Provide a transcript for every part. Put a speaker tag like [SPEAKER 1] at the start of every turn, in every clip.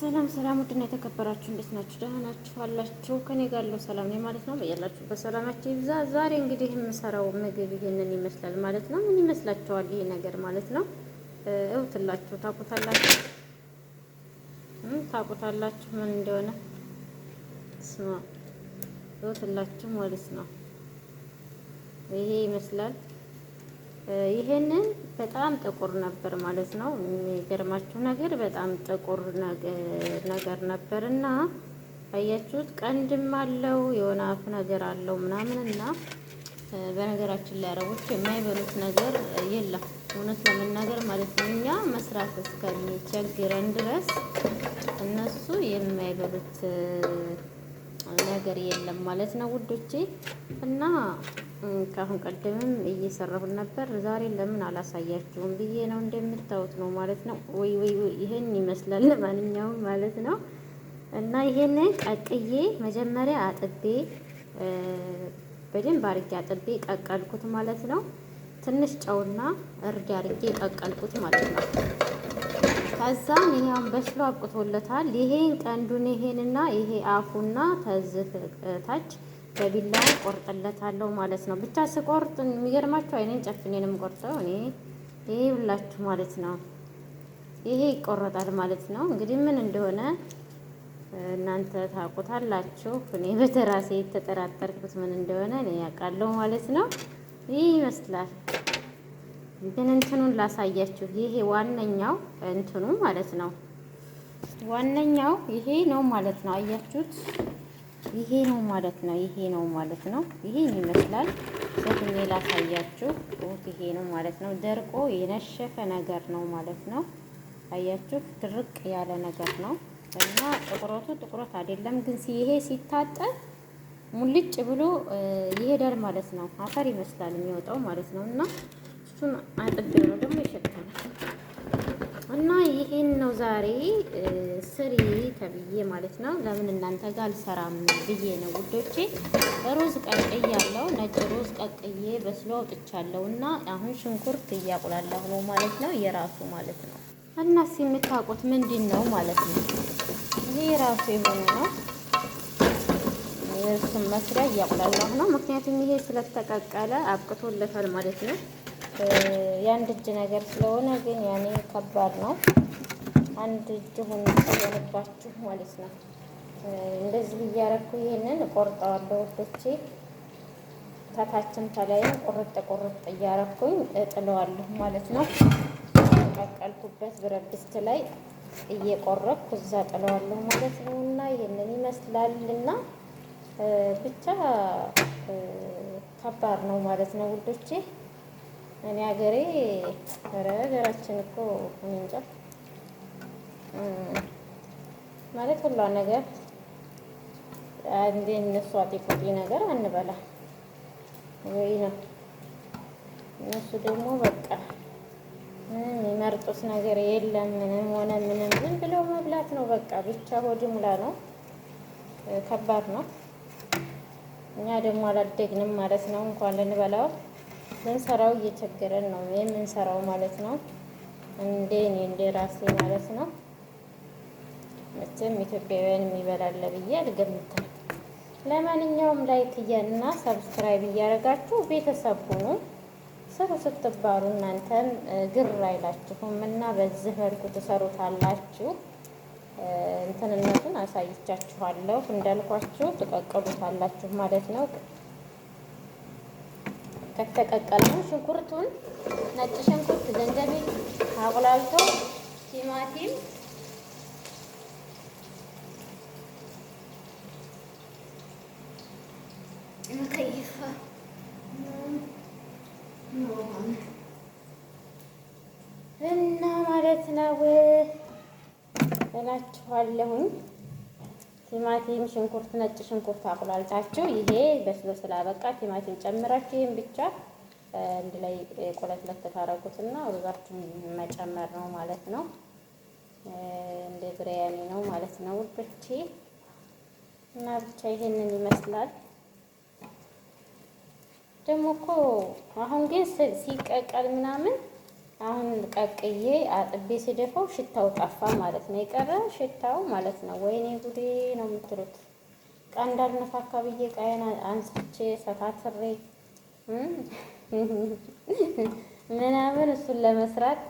[SPEAKER 1] ሰላም ሰላም፣ ውድና የተከበራችሁ እንዴት ናችሁ? ደህና ናችሁ አላችሁ? ከኔ ጋር ያለው ሰላም ነው ማለት ነው። በያላችሁበት በሰላማችሁ ይብዛ። ዛሬ እንግዲህ የምሰራው ምግብ ይሄንን ይመስላል ማለት ነው። ምን ይመስላችኋል ይሄ ነገር ማለት ነው? እውትላችሁ ታቁታላችሁ፣ ታቁታላችሁ ምን እንደሆነ ስማ፣ እውትላችሁ ማለት ነው። ይሄ ይመስላል ይሄንን በጣም ጥቁር ነበር ማለት ነው። የሚገርማችሁ ነገር በጣም ጥቁር ነገር ነበር እና አያችሁት፣ ቀንድም አለው የሆነ አፍ ነገር አለው ምናምን እና በነገራችን ላይ አረቦች የማይበሉት ነገር የለም እውነት ለመናገር ማለት ነው። እኛ መስራት እስከሚቸግረን ድረስ እነሱ የማይበሉት ነገር የለም ማለት ነው ውዶቼ። እና ከአሁን ቀደምም እየሰራሁ ነበር። ዛሬ ለምን አላሳያችሁም ብዬ ነው። እንደምታዩት ነው ማለት ነው። ወይ ወይ ወይ ይሄን ይመስላል። ለማንኛውም ማለት ነው እና ይሄን ቀቅዬ መጀመሪያ አጥቤ በደንብ አርጌ አጥቤ ቀቀልኩት ማለት ነው። ትንሽ ጨውና እርድ አርጌ ቀቀልኩት ማለት ነው። ከዛም ይሄን በስሎ አብቅቶለታል። ይሄን ቀንዱን ይሄንና ይሄ አፉና ተዝህ ታች በቢላ ቆርጥለታለሁ ማለት ነው። ብቻ ስቆርጥ የሚገርማችሁ አይኔን ጨፍኔንም ቆርጠው እኔ ይሄ ብላችሁ ማለት ነው። ይሄ ይቆረጣል ማለት ነው። እንግዲህ ምን እንደሆነ እናንተ ታውቁታላችሁ። እኔ በተራሴ የተጠራጠርኩት ምን እንደሆነ እኔ ያውቃለሁ ማለት ነው። ይህ ይመስላል። ግን እንትኑን ላሳያችሁ። ይሄ ዋነኛው እንትኑ ማለት ነው። ዋነኛው ይሄ ነው ማለት ነው። አያችሁት? ይሄ ነው ማለት ነው። ይሄ ነው ማለት ነው። ይሄ ይመስላል። ሰትኔ ላሳያችሁ። ይሄ ነው ማለት ነው። ደርቆ የነሸፈ ነገር ነው ማለት ነው። አያችሁ? ድርቅ ያለ ነገር ነው እና ጥቁረቱ ጥቁረት አይደለም፣ ግን ይሄ ሲታጠብ ሙልጭ ብሎ ይሄዳል ማለት ነው። አፈር ይመስላል የሚወጣው ማለት ነው እና እሱን አጥቤ ነው ደግሞ ይሸታል እና ይሄን ነው ዛሬ ስሪ ተብዬ ማለት ነው። ለምን እናንተ ጋር አልሰራም ብዬ ነው ውዶቼ። ሩዝ ቀቅያለሁ፣ ነጭ ሩዝ ቀቅዬ በስሎ አውጥቻለሁ እና አሁን ሽንኩርት እያቁላለሁ ነው ማለት ነው። የራሱ ማለት ነው እና እስኪ የምታውቁት ምንድን ነው ማለት ነው። ይሄ የራሱ የሆነ ነው። እሱም መስሪያ እያቁላለሁ ነው። ምክንያቱም ይሄ ስለተቀቀለ አብቅቶለታል ማለት ነው። የአንድ እጅ ነገር ስለሆነ ግን ያኔ ከባድ ነው። አንድ እጅ ሆኖ የሆነባችሁ ማለት ነው። እንደዚህ እያረኩ ይሄንን ቆርጠዋለሁ ወዶቼ ታታችን ከላይም ቁርጥ ቁርጥ እያረኩኝ እጥለዋለሁ ማለት ነው። ቀቀልኩበት ብረት ድስት ላይ እየቆረኩ እዛ ጥለዋለሁ ማለት ነው። እና ይህንን ይመስላል እና ብቻ ከባድ ነው ማለት ነው ውዶቼ። እኔ ሀገሬ ኧረ ሀገራችን እኮ እኔ እንጃ ማለት ሁሏ ነገር እንደ እነሱ አጤቆጤ ነገር አንበላ ወይ ነው። እነሱ ደግሞ በቃ ምንም የሚመርጡት ነገር የለም። ምንም ሆነ ምንም ዝም ብለው መብላት ነው በቃ ብቻ ሆድ ሙላ ነው። ከባድ ነው። እኛ ደግሞ አላደግንም ማለት ነው እንኳን ልንበላው ምንሰራው እየቸገረን ነው ምንሰራው ማለት ነው። እንደ እኔ እንደ ራሴ ማለት ነው። መቼም ኢትዮጵያውያን የሚበላለ ብዬ አልገምትም። ለማንኛውም ላይክ እያና ሰብስክራይብ እያደረጋችሁ ቤተሰብ ሁኑ። ስሩ ስትባሉ እናንተም ግር አይላችሁም እና በዚህ መልኩ ትሰሩታላችሁ። እንትንነቱን አሳይቻችኋለሁ እንዳልኳችሁ ትቀቀሉታላችሁ ማለት ነው። ከተቀቀለው ሽንኩርቱን ነጭ ሽንኩርት፣ ዘንጀቢል አቁላልቶ ቲማቲም እና ማለት ነው እላችኋለሁኝ። ቲማቲም፣ ሽንኩርት፣ ነጭ ሽንኩርት አቁላልታችሁ ይሄ በስሎ ስላበቃ ቲማቲም ጨምራችሁ ይህም ብቻ አንድ ላይ ቆለት ለተታረጉትና ሩዛችሁን መጨመር ነው ማለት ነው። እንደ ብሪያኒ ነው ማለት ነው ውዶቼ እና ብቻ ይሄንን ይመስላል። ደግሞ እኮ አሁን ግን ሲቀቀል ምናምን አሁን ቀቅዬ አጥቤ ሲደፋው ሽታው ጠፋ ማለት ነው። የቀረ ሽታው ማለት ነው። ወይኔ ጉዴ ነው የምትሉት። ቀንዳል ነፋካ ብዬ ዕቃዬን አንስቼ ሰታትሬ ምናምን እሱን ለመስራት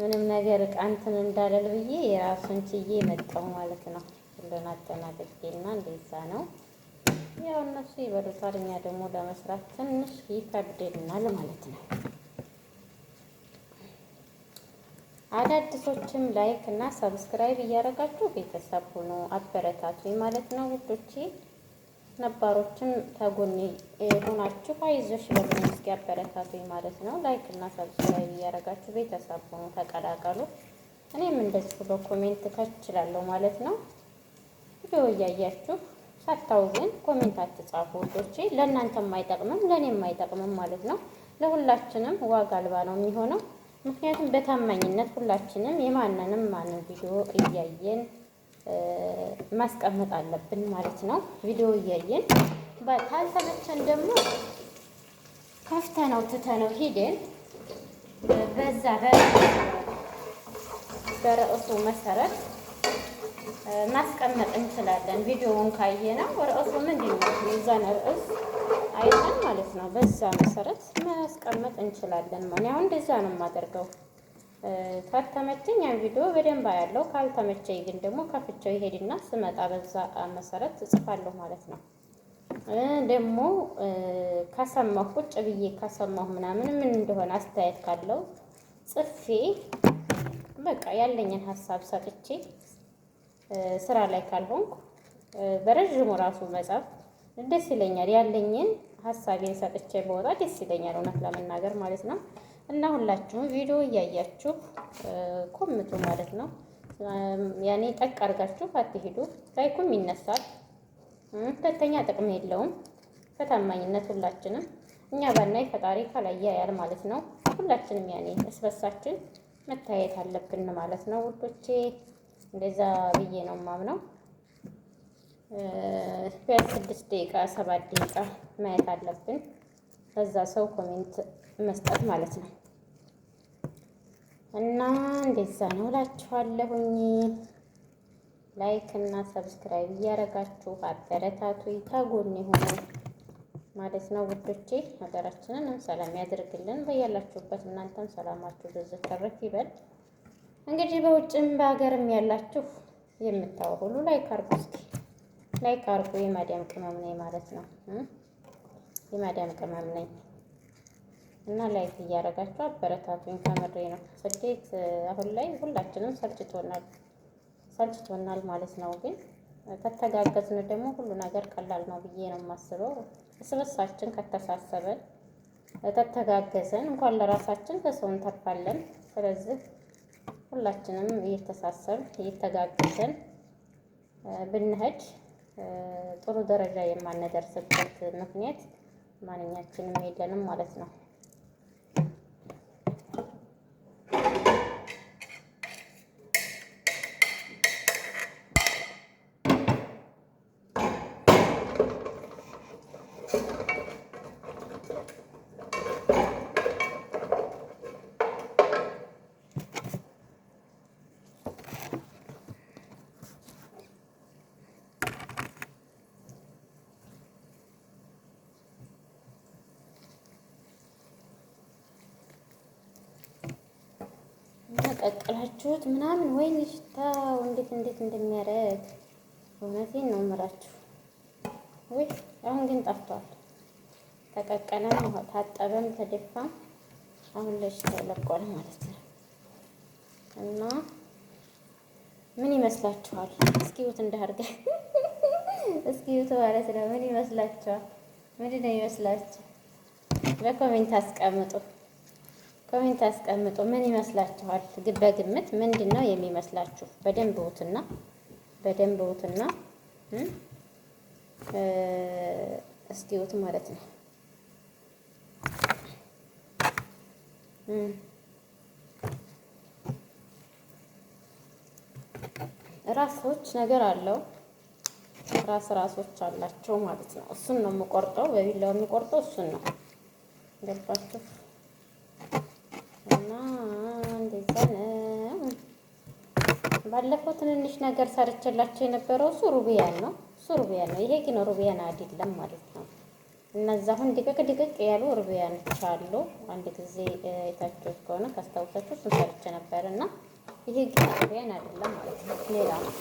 [SPEAKER 1] ምንም ነገር ቀንትን እንዳለል ብዬ የራሱን ችዬ መጣው ማለት ነው። ሁሉን አጠናቅቄና እንደዛ ነው ያው እነሱ ይበሉታል፣ እኛ ደግሞ ለመስራት ትንሽ ይከብድናል ማለት ነው። አዳዲሶችም ላይክ እና ሰብስክራይብ እያደረጋችሁ ቤተሰብ ሁኑ አበረታቱ ማለት ነው ውዶቼ። ነባሮችም ተጎኔ ሆናችሁ አይዞሽ በሉኝ እስኪ አበረታቱኝ ማለት ነው። ላይክ እና ሰብስክራይብ እያደረጋችሁ ቤተሰብ ሁኑ፣ ተቀላቀሉ። እኔም እንደዚሁ በኮሜንት ከችላለሁ ማለት ነው። ቪዲዮ እያያችሁ ሳታው ግን ኮሜንት አትጻፉ ውዶቼ። ለእናንተም አይጠቅምም ለእኔም አይጠቅምም ማለት ነው። ለሁላችንም ዋጋ አልባ ነው የሚሆነው። ምክንያቱም በታማኝነት ሁላችንም የማንንም ማንም ቪዲዮ እያየን ማስቀመጥ አለብን ማለት ነው። ቪዲዮ እያየን ካልተመቸን ደግሞ ከፍተነው ትተነው ሂደን በዛ በርዕሱ መሰረት ማስቀመጥ እንችላለን። ቪዲዮውን ካየነው ርዕሱ ምንድን ነው የዛን ርዕስ አይተን ማለት ነው። በዛ መሰረት ማስቀመጥ እንችላለን። ማን አሁን እንደዛ ነው የማደርገው። ከተመቸኝ ያን ቪዲዮ በደንብ ያለው፣ ካልተመቸኝ ግን ደግሞ ከፍቼው ይሄድና ስመጣ በዛ መሰረት እጽፋለሁ ማለት ነው። ደግሞ ከሰማሁ ቁጭ ብዬ ከሰማሁ ምናምን ምን እንደሆነ አስተያየት ካለው ጽፌ በቃ ያለኝን ሀሳብ ሰጥቼ ስራ ላይ ካልሆንኩ በረዥሙ ራሱ መጻፍ ደስ ይለኛል። ያለኝን ሀሳቤን ሰጥቼ በወጣ ደስ ይለኛል፣ እውነት ለመናገር ማለት ነው። እና ሁላችሁም ቪዲዮ እያያችሁ ኮምቱ ማለት ነው። ያኔ ጠቅ አድርጋችሁ አትሄዱ፣ ላይኩም ይነሳል። ሁለተኛ ጥቅም የለውም። በታማኝነት ሁላችንም እኛ ባናይ ፈጣሪ ካላየ ያል ማለት ነው። ሁላችንም ያኔ እስበሳችን መታየት አለብን ማለት ነው ውዶቼ። እንደዛ ብዬ ነው ማምነው። ቢያንስ ስድስት ደቂቃ ሰባት ደቂቃ ማየት አለብን። በዛ ሰው ኮሜንት መስጠት ማለት ነው። እና እንደዛ ነው እላችኋለሁኝ። ላይክ እና ሰብስክራይብ እያደረጋችሁ አበረታቱ፣ ታጎን የሆኑ ማለት ነው ውዶቼ። ሀገራችንን ሰላም ያድርግልን በያላችሁበት። እናንተም ሰላማችሁ ብዝት ተረፍ ይበል። እንግዲህ በውጭም በሀገርም ያላችሁ የምታወሩ ሁሉ ላይክ አድርጉ እስኪ ላይክ አድርጎ የማዲያም ቅመም ነኝ ማለት ነው። የማዲያም ቅመም ነኝ እና ላይክ እያደረጋችሁ አበረታቱኝ። ከምሬ ነው። ስደት አሁን ላይ ሁላችንም ሰልችቶናል ሰልችቶናል ማለት ነው። ግን ከተጋገዝን ደግሞ ሁሉ ነገር ቀላል ነው ብዬ ነው የማስበው። ስበሳችን ከተሳሰበን ከተጋገዘን እንኳን ለራሳችን ከሰው እንተርፋለን። ስለዚህ ሁላችንም እየተሳሰብ እየተጋገዘን ብንሄድ ጥሩ ደረጃ የማንደርስበት ምክንያት ማንኛችንም የለንም ማለት ነው። ቀቅላችሁት ምናምን ወይን ሽታው እንዴት እንዴት እንደሚያደርግ እውነቴን ነው የምላችሁ። ወይ አሁን ግን ጠፍቷል። ተቀቀለም፣ ታጠበም፣ ተደፋም አሁን ለሽታው ለቋል ማለት ነው። እና ምን ይመስላችኋል? እስኪዩት እንዳርገ እስኪዩት ማለት ነው። ምን ይመስላችኋል? ምንድን ነው ይመስላችሁ? በኮሜንት አስቀምጡ። ኮሜንት አስቀምጡ። ምን ይመስላችኋል? በግምት ምንድን ነው የሚመስላችሁ? በደንብ ውትና በደንብ ውትና ማለት ነው። ራሶች ነገር አለው ራስ ራሶች አላቸው ማለት ነው። እሱን ነው የምቆርጠው፣ በቢላው የምቆርጠው እሱን ነው። ገልባችሁ እና እንደዛ ነው። ባለፈው ትንንሽ ነገር ሰርቼላቸው የነበረው እሱ ሩቢያን ነው፣ እሱ ሩቢያን ነው። ይሄ ግን ሩቢያን አይደለም ማለት ነው። እነዛ አሁን ድቅቅ ድቅቅ ያሉ ሩቢያኖች አሉ። አንድ ጊዜ የታችሁት ከሆነ ካስታውሳችሁ እሱን ሰርቼ ነበር እና ይሄ ግን ሩቢያን አይደለም ማለት ነው፣ ሌላ ነው።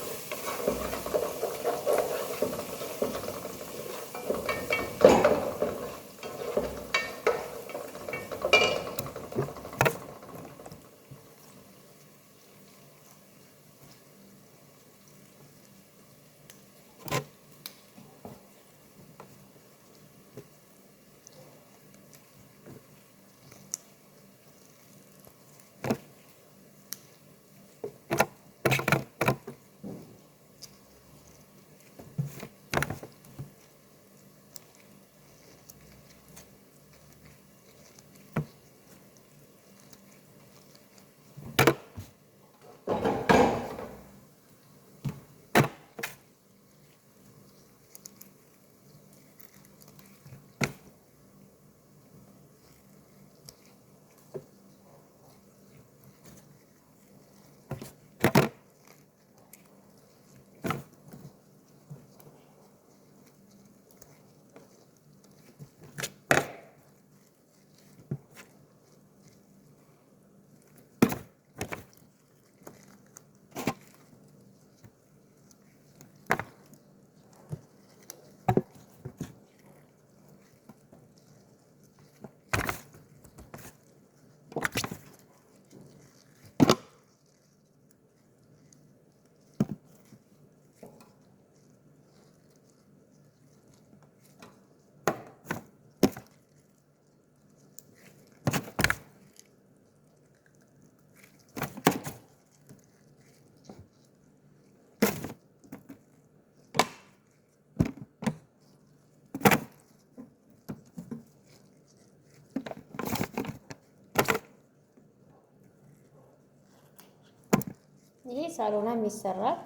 [SPEAKER 1] ሳሎናም ይሰራል፣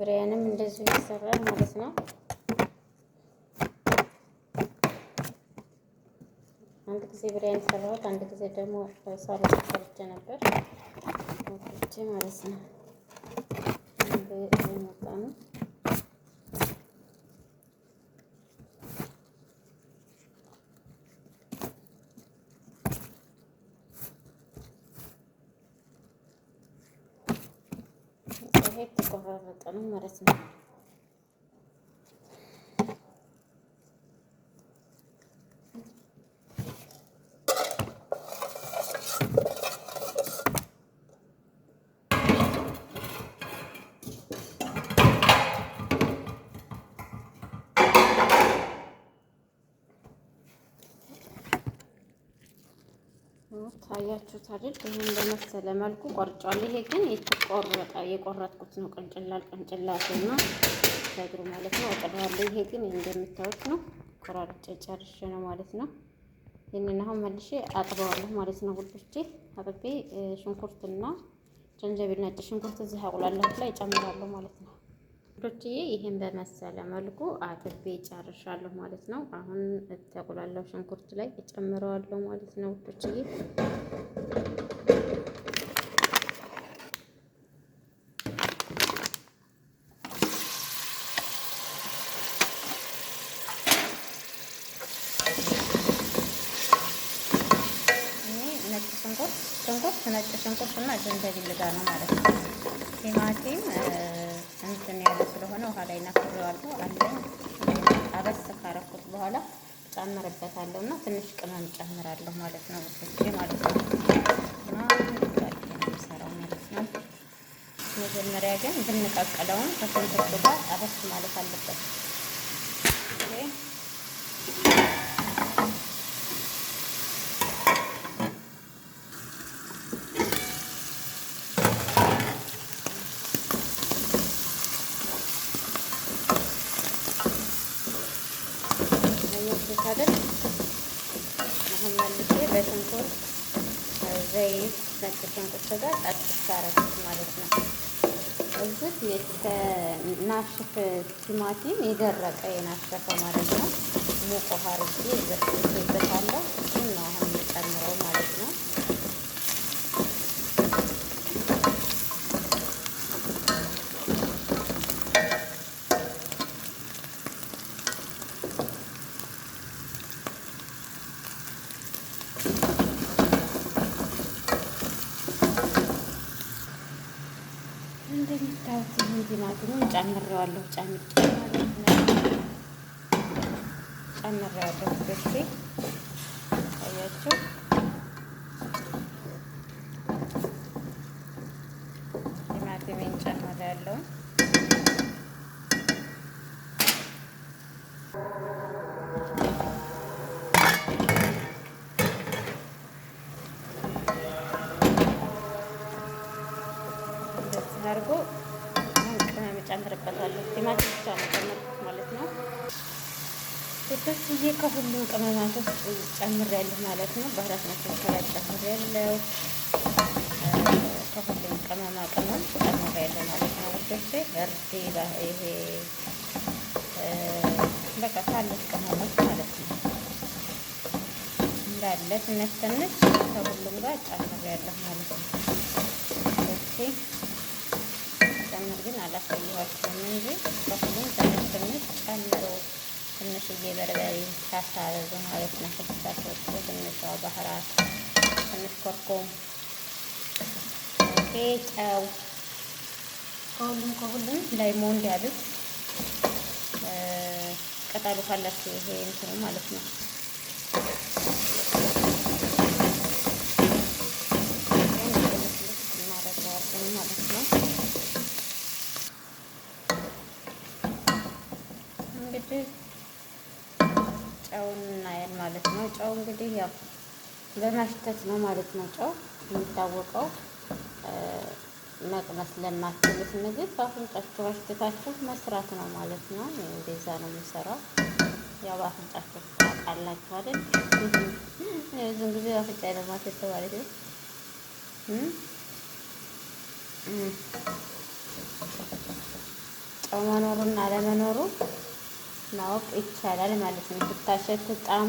[SPEAKER 1] ብሪያንም እንደዚሁ ይሰራል ማለት ነው። አንድ ጊዜ ብሪያን ሰራሁት፣ አንድ ጊዜ ደግሞ ሳሎና ሰርቼ ነበር ማለት ነው። ይሄ የተቆራረጠ ነው ማለት ነው። ታያችሁት አይደል? ይሄን በመሰለ መልኩ ቆርጫለሁ። ይሄ ግን የተቆረጠ የቆረጥኩት ነው። ቅንጭላል ቅንጭላት እና ተግሩ ማለት ነው እጥለዋለሁ። ይሄ ግን እንደምታዩት ነው። ቆራርጬ ጨርሼ ነው ማለት ነው። ይህንን አሁን መልሼ አጥበዋለሁ ማለት ነው። ውዶቼ አጥቤ ሽንኩርትና ጀንጀቢል፣ ነጭ ሽንኩርት እዚህ አቁላላችሁ ላይ ጨምራለሁ ማለት ነው። ሮችዬ ይህን በመሰለ መልኩ አጥቤ ጨርሻለሁ ማለት ነው። አሁን ተቁላላው ሽንኩርት ላይ እጨምረዋለሁ ማለት ነው ሮችዬ በኋላ ጨምርበታለሁ እና ትንሽ ቅመም ጨምራለሁ ማለት ነው። ወጥቼ ማለት ነው የምሰራው ማለት ነው። መጀመሪያ ግን ብንቀቅለውን ከስንት ጋር አበስ ማለት አለበት። እዚህ ናሽፍ ቲማቲም የደረቀ የናሸፈ ማለት ነው። ሙቅ ውሃ አድርጌ እሱን ነው አሁን የምጨምረው። አድርጌዋለሁ ጨምቄ ማለት ነው። በስዬ ከሁሉም ቅመማት ውስጥ ጨምሬያለሁ ማለት ነው። በአራት መካከላ ጨምሬያለሁ። ከሁሉም ቅመማ ቅመም ጨምሬያለሁ ማለት ነው። ውዶቼ እርዴ ይሄ በቃ ካለት ቅመሞች ማለት ነው እንዳለ ትንሽ ትንሽ ከሁሉም ጋር ጨምሬያለሁ ማለት ነው። እሺ ጨምር ግን አላሳየኋቸውም እንጂ ከሁሉም ትንሽ ትንሽ ጨምሮ ትንሽዬ በርበሬ ሳሳበዙ ማለት ነው። ሳሳበዙ ትንሿ ባህራት፣ ትንሽ ኮርኮም፣ ኦኬ፣ ጨው ከሁሉም ከሁሉም ላይሞን ሊያሉት ቅጠሉ ካላችሁ ይሄ እንትኑ ማለት ነው። እናደርገዋለን ማለት ነው። እንግዲህ ጨውን እናያል ማለት ነው። ጨው እንግዲህ ያው በማሽተት ነው ማለት ነው። ጨው የሚታወቀው መቅመስ ለማትችሉት ምግብ በአፍንጫችሁ አሽትታችሁ መስራት ነው ማለት ነው። እንደዛ ነው የሚሰራው። ያው በአፍንጫችሁ ታውቃላችሁ አይደል? ብዙን ጊዜ በአፍንጫ ለማሸት ማለት ነው። ጨው መኖሩና አለመኖሩ ማወቅ ይቻላል ማለት ነው። ብታሸቱ ጣሙ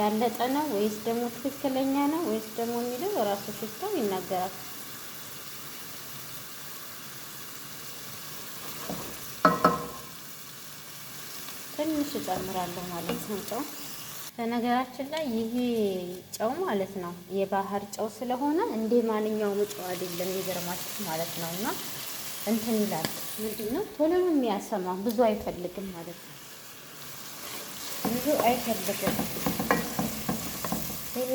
[SPEAKER 1] ያለጠ ነው ወይስ ደግሞ ትክክለኛ ነው ወይስ ደግሞ የሚለው እራሱ ሽታው ይናገራል። ትንሽ እጨምራለሁ ማለት ነው ጨው። በነገራችን ላይ ይሄ ጨው ማለት ነው የባህር ጨው ስለሆነ እንደ ማንኛውም ጨው አይደለም፣ ይገርማችሁ ማለት ነው። እና እንትን ይላል ምንድን ነው ቶሎ የሚያሰማ ብዙ አይፈልግም ማለት ነው ብዙ አይፈልግም። ይሄ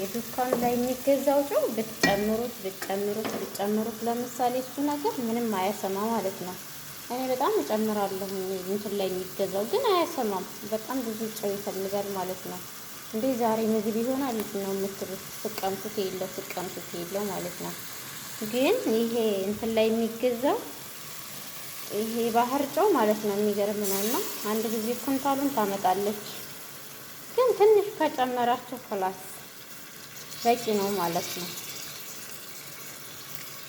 [SPEAKER 1] የዱካን ላይ የሚገዛው ጨው ብትጨምሩት ብትጨምሩት ብትጨምሩት ለምሳሌ እሱ ነገር ምንም አያሰማ ማለት ነው። እኔ በጣም እጨምራለሁ እንትን ላይ የሚገዛው ግን አያሰማም። በጣም ብዙ ጨው ይፈልጋል ማለት ነው። እንዴ ዛሬ ምግብ ይሆናል ነው የምትሉት። ስቀምሱት የለው ስቀምሱት የለው ማለት ነው። ግን ይሄ እንትን ላይ የሚገዛው ይሄ ባህር ጨው ማለት ነው። የሚገርም ነው። አንድ ጊዜ ኩንታሉን ታመጣለች። ግን ትንሽ ከጨመራችሁ ክላስ በቂ ነው ማለት ነው።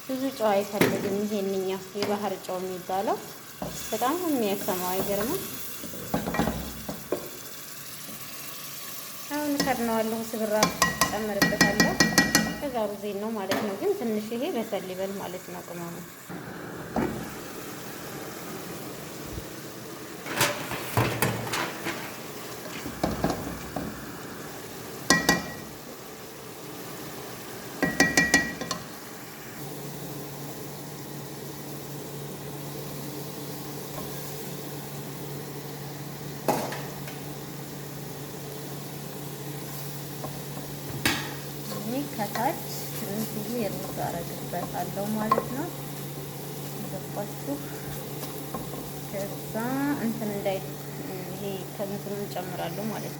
[SPEAKER 1] ብዙ ጨው አይፈልግም። ይሄንኛ የባህር ጨው የሚባለው በጣም የሚያሰማው አይገርምም። አሁን ከድነዋለሁ። ስብራ ጨምርበታለሁ። ከዛ ሩዜን ነው ማለት ነው። ግን ትንሽ ይሄ በሰል ይበል ማለት ነው ቅመሙ ማለት ነው። ገባችሁ? ከዛ እንትን እንዳይ ይሄ ከእንትኑ እንጨምራለሁ ማለት ነው።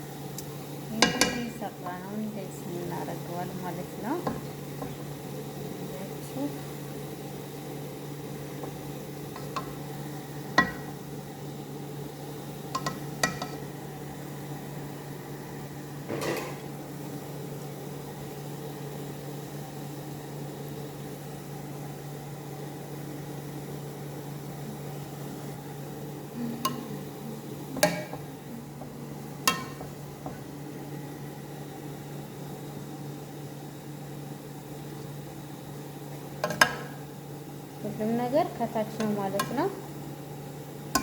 [SPEAKER 1] ሁሉም ነገር ከታች ነው ማለት ነው።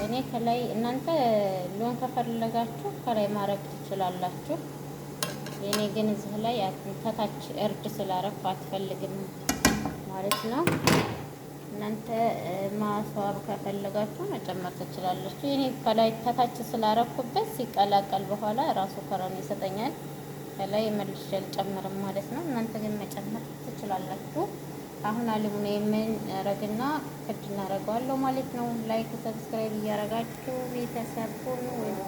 [SPEAKER 1] እኔ ከላይ እናንተ ሎን ከፈለጋችሁ ከላይ ማድረግ ትችላላችሁ። የእኔ ግን እዚህ ላይ ከታች እርድ ስላረፍ አትፈልግም ማለት ነው። እናንተ ማስዋብ ከፈለጋችሁ መጨመር ትችላላችሁ። የእኔ ከላይ ከታች ስላረፍኩበት ሲቀላቀል በኋላ ራሱ ከረም ይሰጠኛል። ከላይ መልሼ አልጨምርም ማለት ነው። እናንተ ግን መጨመር ትችላላችሁ። አሁን አልሙኒየምን ረግና ፍድ እናደርገዋለሁ ማለት ነው። ላይክ ሰብስክራይብ እያደረጋችሁ ቤተሰቡን ወይም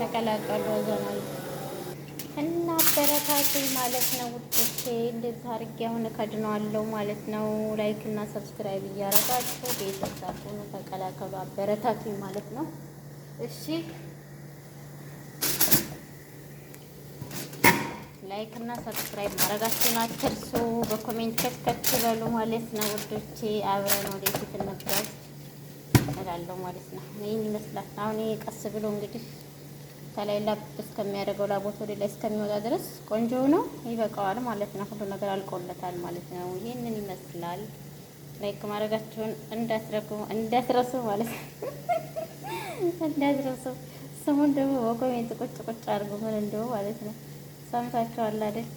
[SPEAKER 1] ተቀላቀሉ ዘናል እና አበረታቱኝ ማለት ነው ውጤቴ እንደዛ አድርጌ አሁን ከድነዋለሁ ማለት ነው። ላይክ እና ሰብስክራይብ እያደረጋችሁ ቤተሰቡን ተቀላቀሉ አበረታቱኝ ማለት ነው። እሺ ላይክ እና ሰብስክራይብ ማድረጋችሁን አትርሱ። በኮሜንት ከትከት በሉ ማለት ነው ውዶቼ። አብረን ወደፊት እንጓዝ እላለሁ ማለት ነው። ይህን ይመስላል። አሁን ቀስ ብሎ እንግዲህ ከላይ ላብ እስከሚያደርገው ላቦት ወደ ላይ እስከሚወጣ ድረስ ቆንጆ ነው፣ ይበቃዋል ማለት ነው። ሁሉ ነገር አልቆለታል ማለት ነው። ይህንን ይመስላል። ላይክ ማድረጋችሁን እንዳትረሱ ማለት ነው። እንዳትረሱ ስሙን ደግሞ በኮሜንት ቁጭ ቁጭ አድርጉ ምን እንደው ማለት ነው። ሰምታችኋል አይደል?